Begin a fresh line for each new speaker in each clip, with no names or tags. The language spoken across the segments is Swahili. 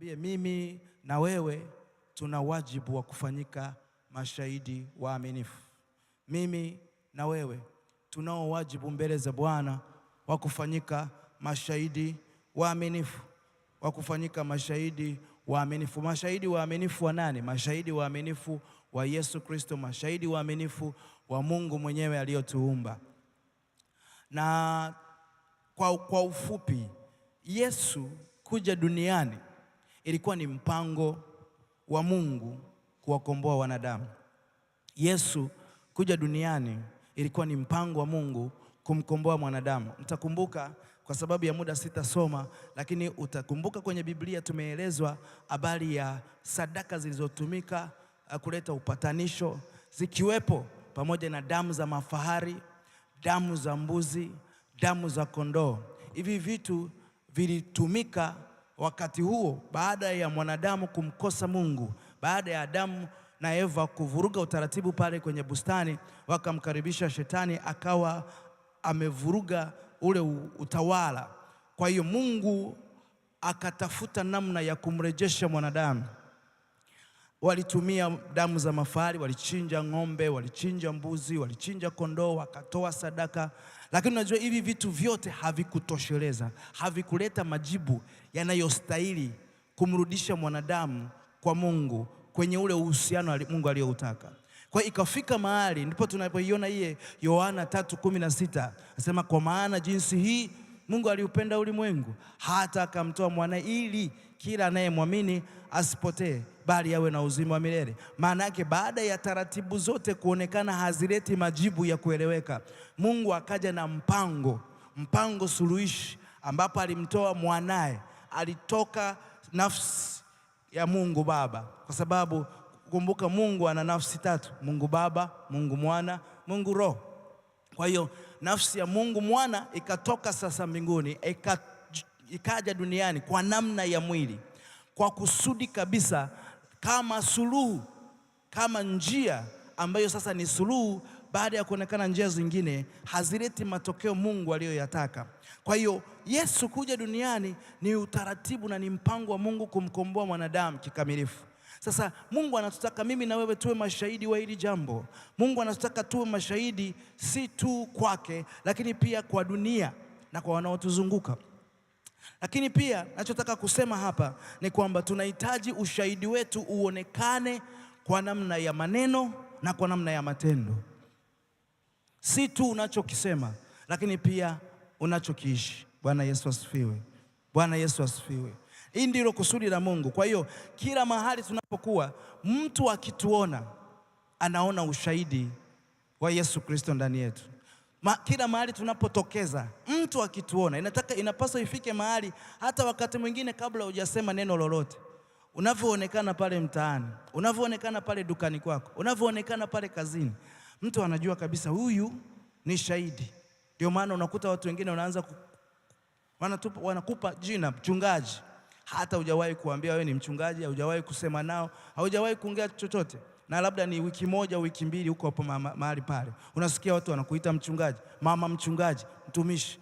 nikwambie, mimi na wewe tuna wajibu wa kufanyika mashahidi waaminifu. Mimi na wewe tunao wajibu mbele za Bwana wa kufanyika mashahidi waaminifu, wa kufanyika mashahidi waaminifu. Mashahidi waaminifu wa nani? Mashahidi waaminifu wa Yesu Kristo, mashahidi waaminifu wa Mungu mwenyewe aliyotuumba. Na kwa, kwa ufupi Yesu kuja duniani ilikuwa ni mpango wa Mungu kuwakomboa wanadamu. Yesu kuja duniani ilikuwa ni mpango wa Mungu kumkomboa mwanadamu. Mtakumbuka, kwa sababu ya muda sitasoma, lakini utakumbuka kwenye Biblia tumeelezwa habari ya sadaka zilizotumika uh, kuleta upatanisho, zikiwepo pamoja na damu za mafahari, damu za mbuzi, damu za kondoo. Hivi vitu vilitumika wakati huo, baada ya mwanadamu kumkosa Mungu, baada ya Adamu na Eva kuvuruga utaratibu pale kwenye bustani, wakamkaribisha shetani, akawa amevuruga ule utawala. Kwa hiyo Mungu akatafuta namna ya kumrejesha mwanadamu. Walitumia damu za mafahali, walichinja ng'ombe, walichinja mbuzi, walichinja kondoo, wakatoa sadaka, lakini unajua hivi vitu vyote havikutosheleza, havikuleta majibu yanayostahili kumrudisha mwanadamu kwa Mungu kwenye ule uhusiano Mungu aliyoutaka. Kwa ikafika mahali ndipo tunapoiona iye Yohana 3:16 anasema, kwa maana jinsi hii Mungu aliupenda ulimwengu hata akamtoa mwanae ili kila anayemwamini asipotee bali yawe na uzima wa milele. Maana yake baada ya taratibu zote kuonekana hazileti majibu ya kueleweka, Mungu akaja na mpango, mpango suluhishi, ambapo alimtoa mwanaye, alitoka nafsi ya Mungu Baba, kwa sababu kumbuka, Mungu ana nafsi tatu: Mungu Baba, Mungu Mwana, Mungu Roho. Kwa hiyo nafsi ya Mungu Mwana ikatoka sasa mbinguni ikaja duniani kwa namna ya mwili kwa kusudi kabisa kama suluhu, kama njia ambayo sasa ni suluhu baada ya kuonekana njia zingine hazileti matokeo Mungu aliyoyataka. Kwa hiyo Yesu kuja duniani ni utaratibu na ni mpango wa Mungu kumkomboa mwanadamu kikamilifu. Sasa Mungu anatutaka mimi na wewe tuwe mashahidi wa hili jambo. Mungu anatutaka tuwe mashahidi si tu kwake, lakini pia kwa dunia na kwa wanaotuzunguka. Lakini pia nachotaka kusema hapa ni kwamba tunahitaji ushahidi wetu uonekane kwa namna ya maneno na kwa namna ya matendo, si tu unachokisema, lakini pia unachokiishi. Bwana Yesu asifiwe! Bwana Yesu asifiwe! Hii ndilo kusudi la Mungu. Kwa hiyo kila mahali tunapokuwa, mtu akituona anaona ushahidi wa Yesu Kristo ndani yetu. Ma, kila mahali tunapotokeza mtu akituona inataka, inapaswa ifike mahali hata wakati mwingine kabla hujasema neno lolote, unavyoonekana pale mtaani, unavyoonekana pale dukani kwako, unavyoonekana pale kazini, mtu anajua kabisa huyu ni shahidi. Ndio maana unakuta watu wengine wanaanza ku, wanatupa, wanakupa jina mchungaji, hata hujawahi kuambia wewe ni mchungaji, haujawahi kusema nao, haujawahi kuongea chochote na labda ni wiki moja wiki mbili huko hapo mahali pale, unasikia watu wanakuita mchungaji, mama mchungaji, mtumishi.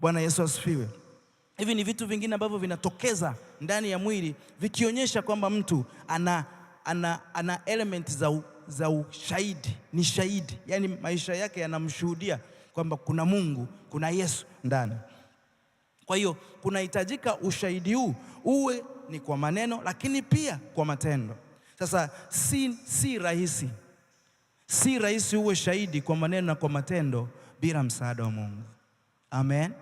Bwana Yesu asifiwe. Hivi ni vitu vingine ambavyo vinatokeza ndani ya mwili vikionyesha kwamba mtu ana, ana, ana element za, za ushahidi, ni shahidi, yaani maisha yake yanamshuhudia kwamba kuna Mungu, kuna Yesu ndani. Kwa hiyo kunahitajika ushahidi huu uwe ni kwa maneno, lakini pia kwa matendo. Sasa si, si rahisi, si rahisi uwe shahidi kwa maneno na kwa matendo bila msaada wa Mungu. Amen.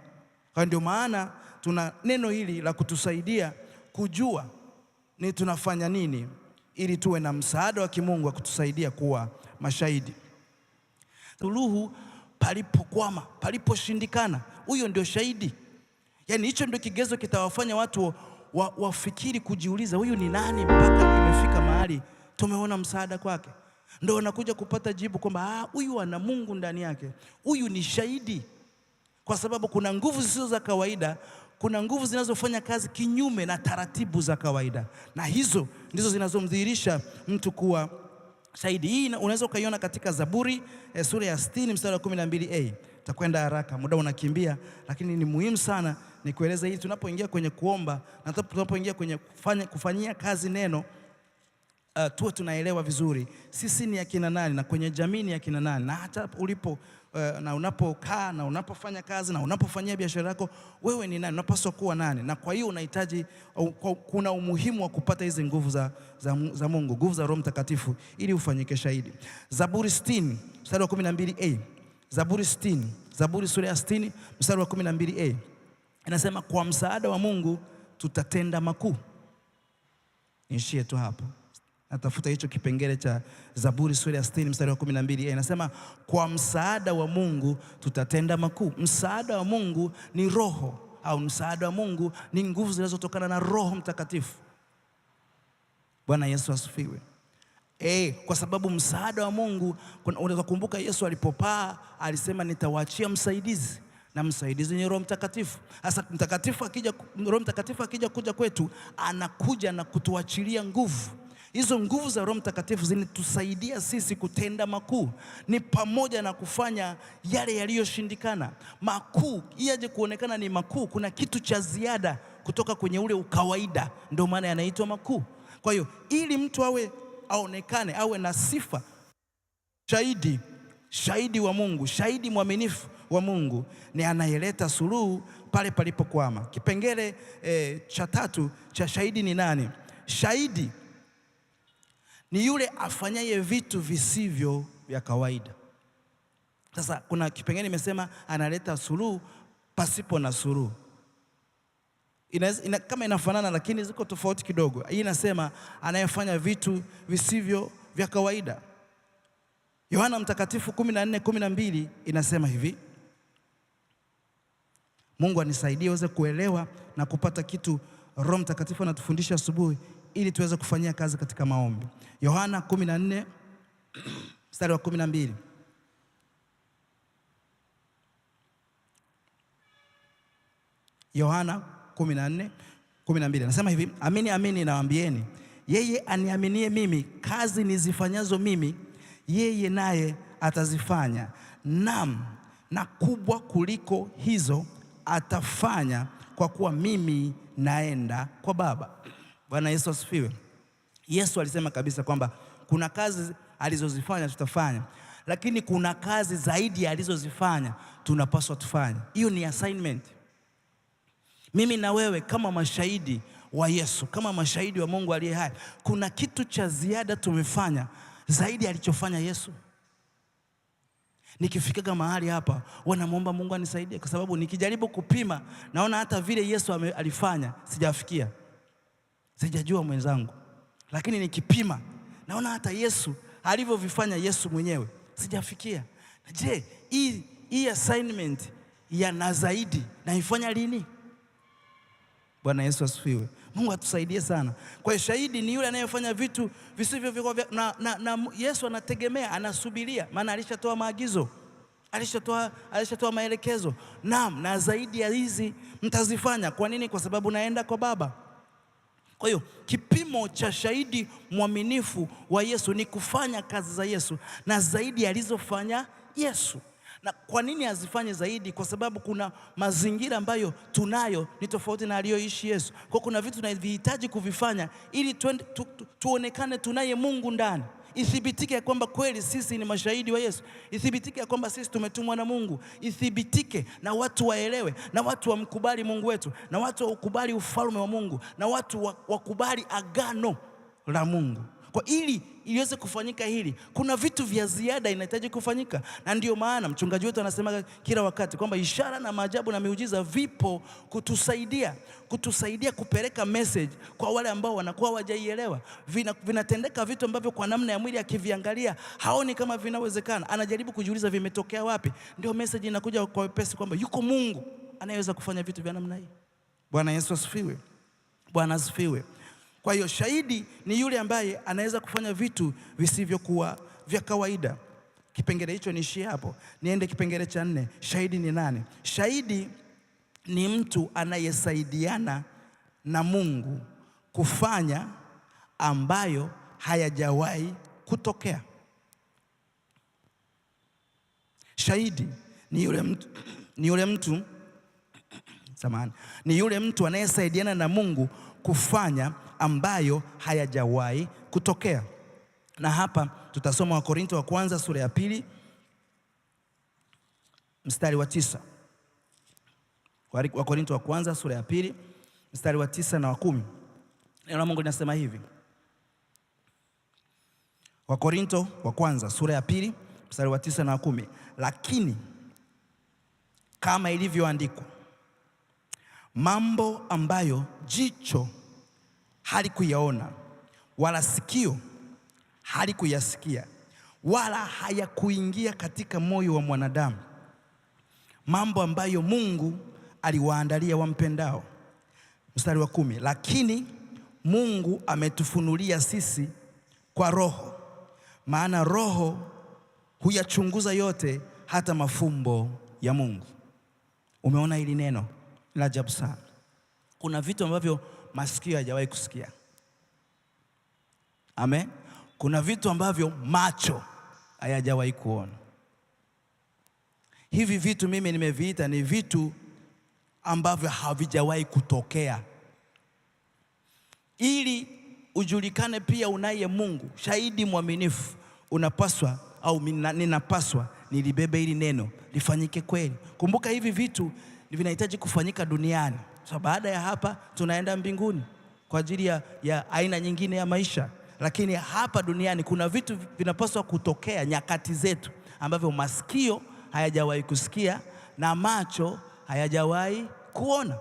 Kwa ndio maana tuna neno hili la kutusaidia kujua ni tunafanya nini ili tuwe na msaada wa kimungu wa kutusaidia kuwa mashahidi. Suluhu palipokwama, paliposhindikana, huyo ndio shahidi. Yaani hicho ndio kigezo kitawafanya watu wafikiri wa kujiuliza, huyu ni nani mpaka imefika mahali tumeona msaada kwake? Ndo wanakuja kupata jibu kwamba ah, huyu ana Mungu ndani yake, huyu ni shahidi, kwa sababu kuna nguvu zisizo za kawaida, kuna nguvu zinazofanya kazi kinyume na taratibu za kawaida, na hizo ndizo zinazomdhihirisha mtu kuwa shahidi. Hii unaweza ukaiona katika Zaburi eh, sura ya 60 mstari wa 12a. Takwenda haraka, muda unakimbia, lakini ni muhimu sana nikueleze hili, tunapoingia kwenye kuomba na tunapoingia kwenye kufanya, kufanyia kazi neno uh, tuwe tunaelewa vizuri sisi ni akina nani na kwenye jamii ni akina nani, na hata ulipo uh, na unapokaa na unapofanya kazi na unapofanyia biashara yako, wewe ni nani, unapaswa kuwa nani? Na kwa hiyo unahitaji uh, kuna umuhimu wa kupata hizi nguvu za, za, za Mungu, nguvu za Roho Mtakatifu ili ufanyike shahidi. Zaburi 60 mstari wa 12a, Zaburi 60, Zaburi sura ya 60 mstari wa 12a. Inasema kwa msaada wa Mungu tutatenda makuu. Niishie tu hapo, natafuta hicho kipengele cha Zaburi sura ya 60 mstari wa 12. Anasema eh, kwa msaada wa Mungu tutatenda makuu. Msaada wa Mungu ni roho au msaada wa Mungu ni nguvu zinazotokana na Roho Mtakatifu. Bwana Yesu asifiwe. Eh, kwa sababu msaada wa Mungu, unaweza kumbuka Yesu alipopaa alisema nitawaachia msaidizi na msaidizi ni Roho Mtakatifu. Sasa mtakatifu akija, Roho Mtakatifu akija kuja kwetu, anakuja na kutuachilia nguvu. Hizo nguvu za Roho Mtakatifu zinatusaidia sisi kutenda makuu, ni pamoja na kufanya yale yaliyoshindikana. Makuu iaje kuonekana ni makuu, kuna kitu cha ziada kutoka kwenye ule ukawaida, ndio maana yanaitwa makuu. Kwa hiyo ili mtu awe aonekane, awe na sifa shahidi Shahidi wa Mungu, shahidi mwaminifu wa Mungu ni anayeleta suluhu pale palipokwama. Kipengele e, cha tatu cha shahidi ni nani? Shahidi ni yule afanyaye vitu visivyo vya kawaida. Sasa kuna kipengele imesema analeta suluhu pasipo na suluhu. Ina, ina, kama inafanana lakini ziko tofauti kidogo. Hii inasema anayefanya vitu visivyo vya kawaida. Yohana Mtakatifu 14:12 inasema hivi, Mungu anisaidie uweze kuelewa na kupata kitu Roho Mtakatifu anatufundisha asubuhi, ili tuweze kufanyia kazi katika maombi. Yohana 14 mstari wa 12 Yohana 14 12 anasema hivi, amini amini nawaambieni, yeye aniaminie mimi, kazi nizifanyazo mimi yeye naye atazifanya, nam na kubwa kuliko hizo atafanya, kwa kuwa mimi naenda kwa Baba. Bwana Yesu asifiwe. Yesu alisema kabisa kwamba kuna kazi alizozifanya tutafanya, lakini kuna kazi zaidi alizozifanya tunapaswa tufanye. Hiyo ni assignment. Mimi na wewe kama mashahidi wa Yesu, kama mashahidi wa Mungu aliye hai, kuna kitu cha ziada tumefanya zaidi alichofanya Yesu. Nikifikaga mahali hapa wanamwomba Mungu anisaidie, kwa sababu nikijaribu kupima naona hata vile Yesu alifanya sijafikia, sijajua mwenzangu, lakini nikipima naona hata Yesu alivyovifanya Yesu mwenyewe sijafikia. Je, hii assignment ya na zaidi naifanya lini? Bwana Yesu asifiwe. Mungu atusaidie sana. Kwa hiyo shahidi ni yule anayefanya vitu visivyo na, na, na Yesu anategemea, anasubiria, maana alishatoa maagizo, alishatoa alishatoa maelekezo. Naam, na zaidi ya hizi mtazifanya. Kwa nini? Kwa sababu naenda kwa Baba. Kwa hiyo kipimo cha shahidi mwaminifu wa Yesu ni kufanya kazi za Yesu na zaidi alizofanya Yesu. Na kwa nini azifanye zaidi? Kwa sababu kuna mazingira ambayo tunayo ni tofauti na aliyoishi Yesu. Kwa kuna vitu tunavihitaji kuvifanya ili tuende, tu, tu, tuonekane tunaye Mungu ndani Ithibitike ya kwamba kweli sisi ni mashahidi wa Yesu. Ithibitike ya kwamba sisi tumetumwa na Mungu. Ithibitike na watu waelewe, na watu wamkubali Mungu wetu, na watu wakubali ufalme wa Mungu, na watu wakubali agano la Mungu. Kwa ili iweze kufanyika hili, kuna vitu vya ziada inahitaji kufanyika, na ndio maana mchungaji wetu anasema kila wakati kwamba ishara na maajabu na miujiza vipo kutusaidia, kutusaidia kupeleka message kwa wale ambao wanakuwa wajaielewa Vinatendeka vina vitu ambavyo kwa namna ya mwili akiviangalia haoni kama vinawezekana, anajaribu kujiuliza vimetokea wapi. Ndio message inakuja kwa wepesi kwamba yuko Mungu anayeweza kufanya vitu vya namna hii. Bwana Yesu asifiwe. Bwana asifiwe. Kwa hiyo shahidi ni yule ambaye anaweza kufanya vitu visivyokuwa vya kawaida. Kipengele hicho niishie hapo, niende kipengele cha nne. Shahidi ni nani? Shahidi ni mtu anayesaidiana na Mungu kufanya ambayo hayajawahi kutokea. Shahidi ni yule mtu, ni yule mtu samahani, ni yule mtu anayesaidiana na Mungu kufanya ambayo hayajawahi kutokea. Na hapa tutasoma wakorinto wa kwanza sura ya pili mstari wa tisa. wakorinto wa kwanza sura ya pili mstari wa tisa na wa kumi. Neno la Mungu linasema hivi. wakorinto wa kwanza sura ya pili mstari wa tisa na wa kumi. Lakini kama ilivyoandikwa, mambo ambayo jicho halikuyaona wala sikio halikuyasikia wala hayakuingia katika moyo wa mwanadamu mambo ambayo Mungu aliwaandalia wampendao. Mstari wa kumi, lakini Mungu ametufunulia sisi kwa Roho, maana Roho huyachunguza yote, hata mafumbo ya Mungu. Umeona hili neno la ajabu sana. Kuna vitu ambavyo masikio hajawahi kusikia. Amen. Kuna vitu ambavyo macho hayajawahi kuona. Hivi vitu mimi nimeviita ni vitu ambavyo havijawahi kutokea. Ili ujulikane pia unaye Mungu, shahidi mwaminifu, unapaswa au ninapaswa nilibebe hili neno lifanyike kweli. Kumbuka hivi vitu vinahitaji kufanyika duniani. So baada ya hapa tunaenda mbinguni kwa ajili ya, ya aina nyingine ya maisha, lakini hapa duniani kuna vitu vinapaswa kutokea nyakati zetu ambavyo masikio hayajawahi kusikia na macho hayajawahi kuona.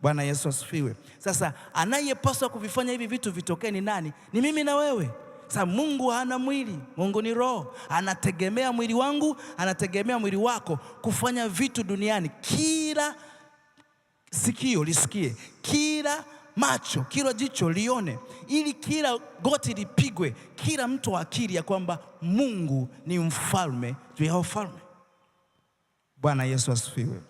Bwana Yesu asifiwe. Sasa anayepaswa kuvifanya hivi vitu vitokee ni nani? Ni mimi na wewe. Sasa Mungu hana mwili, Mungu ni roho, anategemea mwili wangu, anategemea mwili wako kufanya vitu duniani kila sikio lisikie, kila macho, kila jicho lione, ili kila goti lipigwe, kila mtu akili ya kwamba Mungu ni mfalme juu ya wafalme. Bwana Yesu asifiwe.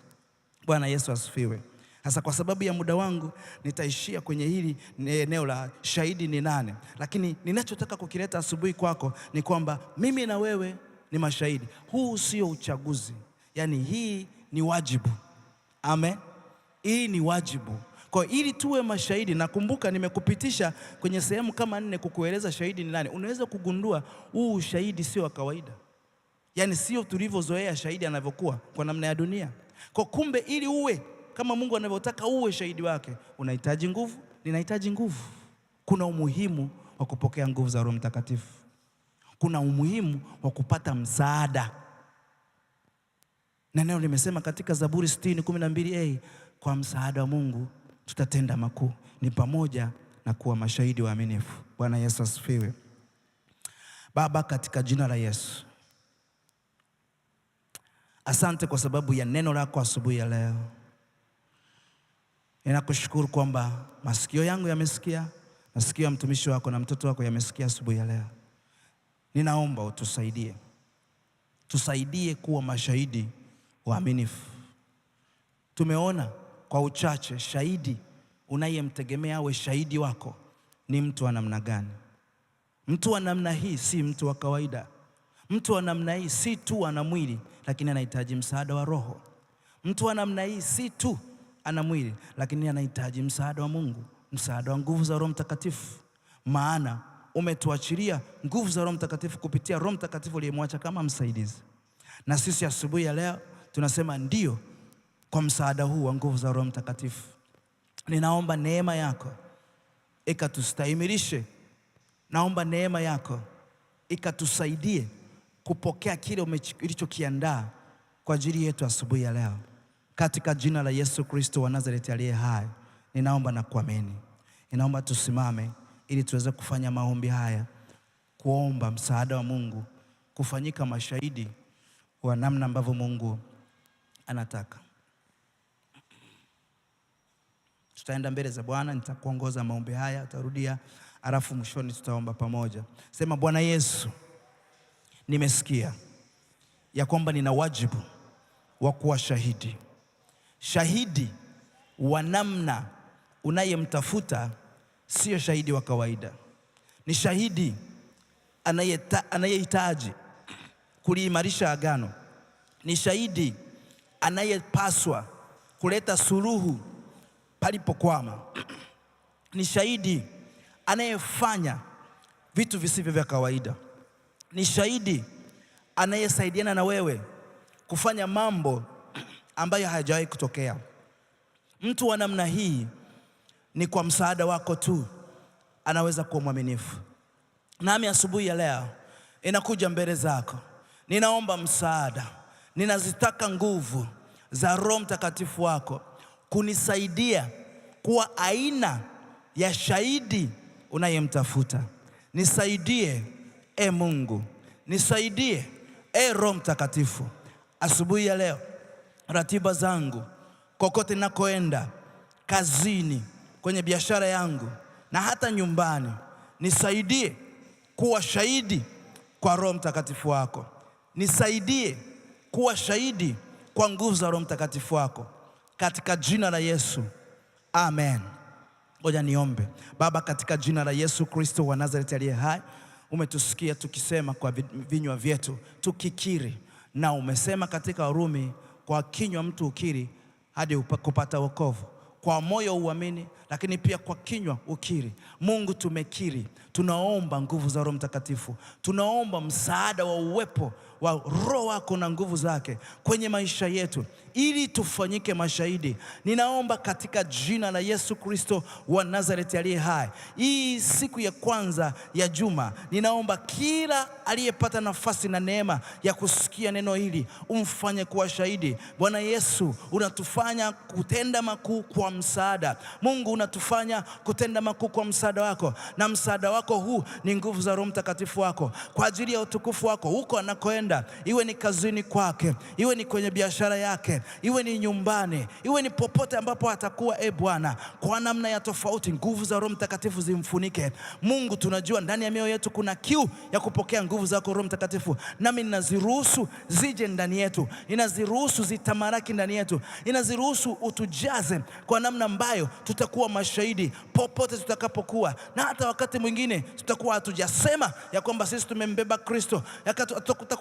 Bwana Yesu asifiwe. Sasa kwa sababu ya muda wangu nitaishia kwenye hili eneo la shahidi ni nane, lakini ninachotaka kukileta asubuhi kwako ni kwamba mimi na wewe ni mashahidi. Huu sio uchaguzi, yaani hii ni wajibu. Amen. Hii ni wajibu. Kwa ili tuwe mashahidi, nakumbuka nimekupitisha kwenye sehemu kama nne kukueleza shahidi ni nani. Unaweza kugundua huu ushahidi sio wa kawaida, yaani sio tulivyozoea shahidi anavyokuwa kwa namna ya dunia. Kwa kumbe, ili uwe kama Mungu anavyotaka uwe shahidi wake, unahitaji nguvu, ninahitaji nguvu. Kuna umuhimu wa kupokea nguvu za Roho Mtakatifu, kuna umuhimu wa kupata msaada, na neno limesema katika Zaburi 60:12a kwa msaada wa Mungu tutatenda makuu, ni pamoja na kuwa mashahidi waaminifu. Bwana Yesu asifiwe. Baba, katika jina la Yesu, asante kwa sababu ya neno lako asubuhi ya leo. Ninakushukuru kwamba masikio yangu yamesikia, masikio ya mtumishi wako na mtoto wako yamesikia asubuhi ya leo. Ninaomba utusaidie, tusaidie kuwa mashahidi waaminifu. Tumeona kwa uchache, shahidi unayemtegemea awe shahidi wako ni mtu wa namna gani? Mtu wa namna hii si mtu wa kawaida. Mtu wa namna hii si tu ana mwili, lakini anahitaji msaada wa Roho. Mtu wa namna hii si tu ana mwili, lakini anahitaji msaada wa Mungu, msaada wa nguvu za Roho Mtakatifu, maana umetuachilia nguvu za Roho Mtakatifu kupitia Roho Mtakatifu uliyemwacha kama msaidizi. Na sisi asubuhi ya leo tunasema ndio kwa msaada huu wa nguvu za Roho Mtakatifu, ninaomba neema yako ikatustahimilishe. Naomba neema yako ikatusaidie kupokea kile ulichokiandaa kwa ajili yetu asubuhi ya leo, katika jina la Yesu Kristo wa Nazareti aliye hai, ninaomba na kuamini. Ninaomba tusimame ili tuweze kufanya maombi haya, kuomba msaada wa Mungu, kufanyika mashahidi wa namna ambavyo Mungu anataka. Tutaenda mbele za Bwana, nitakuongoza maombi haya, utarudia, alafu mwishoni tutaomba pamoja. Sema, Bwana Yesu, nimesikia ya kwamba nina wajibu wa kuwa shahidi, shahidi wa namna unayemtafuta. Sio shahidi wa kawaida, ni shahidi anayehitaji kuliimarisha agano, ni shahidi anayepaswa kuleta suluhu palipokwama. Ni shahidi anayefanya vitu visivyo vya kawaida. Ni shahidi anayesaidiana na wewe kufanya mambo ambayo hayajawahi kutokea. Mtu wa namna hii ni kwa msaada wako tu anaweza kuwa mwaminifu. Nami asubuhi ya leo inakuja mbele zako, ninaomba msaada, ninazitaka nguvu za Roho Mtakatifu wako kunisaidia kuwa aina ya shahidi unayemtafuta. Nisaidie e Mungu, nisaidie e Roho Mtakatifu. Asubuhi ya leo, ratiba zangu, kokote nakoenda, kazini, kwenye biashara yangu na hata nyumbani, nisaidie kuwa shahidi kwa Roho Mtakatifu wako, nisaidie kuwa shahidi kwa nguvu za Roho Mtakatifu wako katika jina la Yesu, amen. Ngoja niombe. Baba, katika jina la Yesu Kristo wa Nazareti aliye hai, umetusikia tukisema kwa vinywa vyetu tukikiri, na umesema katika Warumi, kwa kinywa mtu ukiri hadi kupata wokovu, kwa moyo uamini, lakini pia kwa kinywa ukiri. Mungu, tumekiri tunaomba nguvu za Roho Mtakatifu, tunaomba msaada wa uwepo wa Roho wako na nguvu zake kwenye maisha yetu, ili tufanyike mashahidi. Ninaomba katika jina la Yesu Kristo wa Nazareti aliye hai, hii siku ya kwanza ya juma, ninaomba kila aliyepata nafasi na neema ya kusikia neno hili umfanye kuwa shahidi. Bwana Yesu, unatufanya kutenda makuu kwa msaada. Mungu, unatufanya kutenda makuu kwa msaada wako na msaada wako wako huu ni nguvu za Roho Mtakatifu wako kwa ajili ya utukufu wako huko anakoenda, iwe ni kazini kwake, iwe ni kwenye biashara yake, iwe ni nyumbani, iwe ni popote ambapo atakuwa. E Bwana, kwa namna ya tofauti, nguvu za Roho Mtakatifu zimfunike. Mungu, tunajua ndani ya mioyo yetu kuna kiu ya kupokea nguvu zako Roho Mtakatifu, nami ninaziruhusu zije ndani yetu, inaziruhusu zitamaraki ndani yetu, inaziruhusu utujaze kwa namna ambayo tutakuwa mashahidi popote tutakapokuwa, na hata wakati mwingine wengine tutakuwa hatujasema ya kwamba sisi tumembeba Kristo,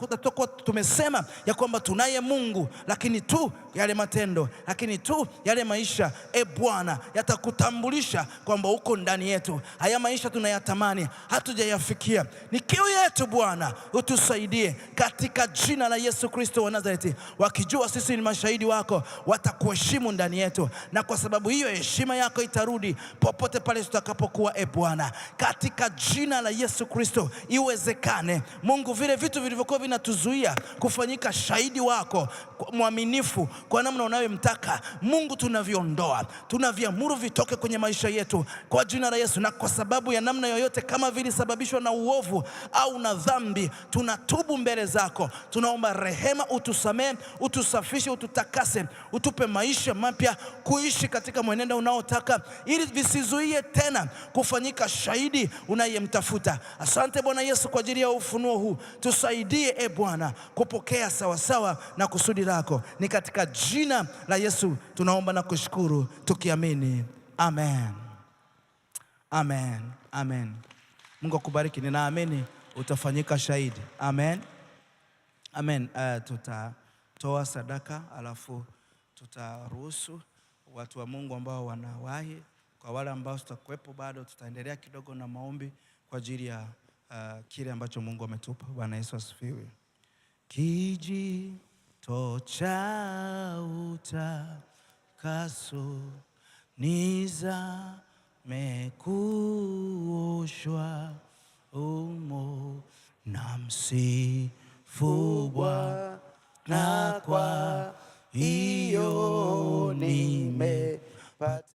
tutakuwa tumesema ya kwamba tunaye Mungu, lakini tu yale matendo, lakini tu yale maisha, e Bwana, yatakutambulisha kwamba uko ndani yetu. Haya maisha tunayatamani, hatujayafikia. Ni kiu yetu Bwana, utusaidie katika jina la Yesu Kristo wa Nazareti. Wakijua sisi ni mashahidi wako, watakuheshimu ndani yetu, na kwa sababu hiyo heshima yako itarudi popote pale tutakapokuwa, e Bwana, katika katika jina la Yesu Kristo iwezekane. Mungu, vile vitu vilivyokuwa vinatuzuia kufanyika shahidi wako mwaminifu kwa namna unayomtaka Mungu, tunaviondoa, tunaviamuru vitoke kwenye maisha yetu kwa jina la Yesu. Na kwa sababu ya namna yoyote kama vilisababishwa na uovu au na dhambi, tunatubu mbele zako, tunaomba rehema, utusamee, utusafishe, ututakase, utupe maisha mapya, kuishi katika mwenendo unaotaka, ili visizuie tena kufanyika shahidi unayemtafuta. Asante Bwana Yesu kwa ajili ya ufunuo huu, tusaidie e Bwana kupokea sawasawa na kusudi lako. Ni katika jina la Yesu tunaomba na kushukuru tukiamini, amen, amen, amen. Mungu akubariki, ninaamini utafanyika shahidi. Amen, amen. Uh, tutatoa sadaka alafu tutaruhusu watu wa Mungu ambao wanawahi kwa wale ambao tutakuwepo bado, tutaendelea kidogo na maombi kwa ajili ya uh, kile ambacho Mungu ametupa. Bwana Yesu asifiwe. Kijito cha utakaso niza mekuoshwa umo na msifu Bwana, kwa hiyo nimepata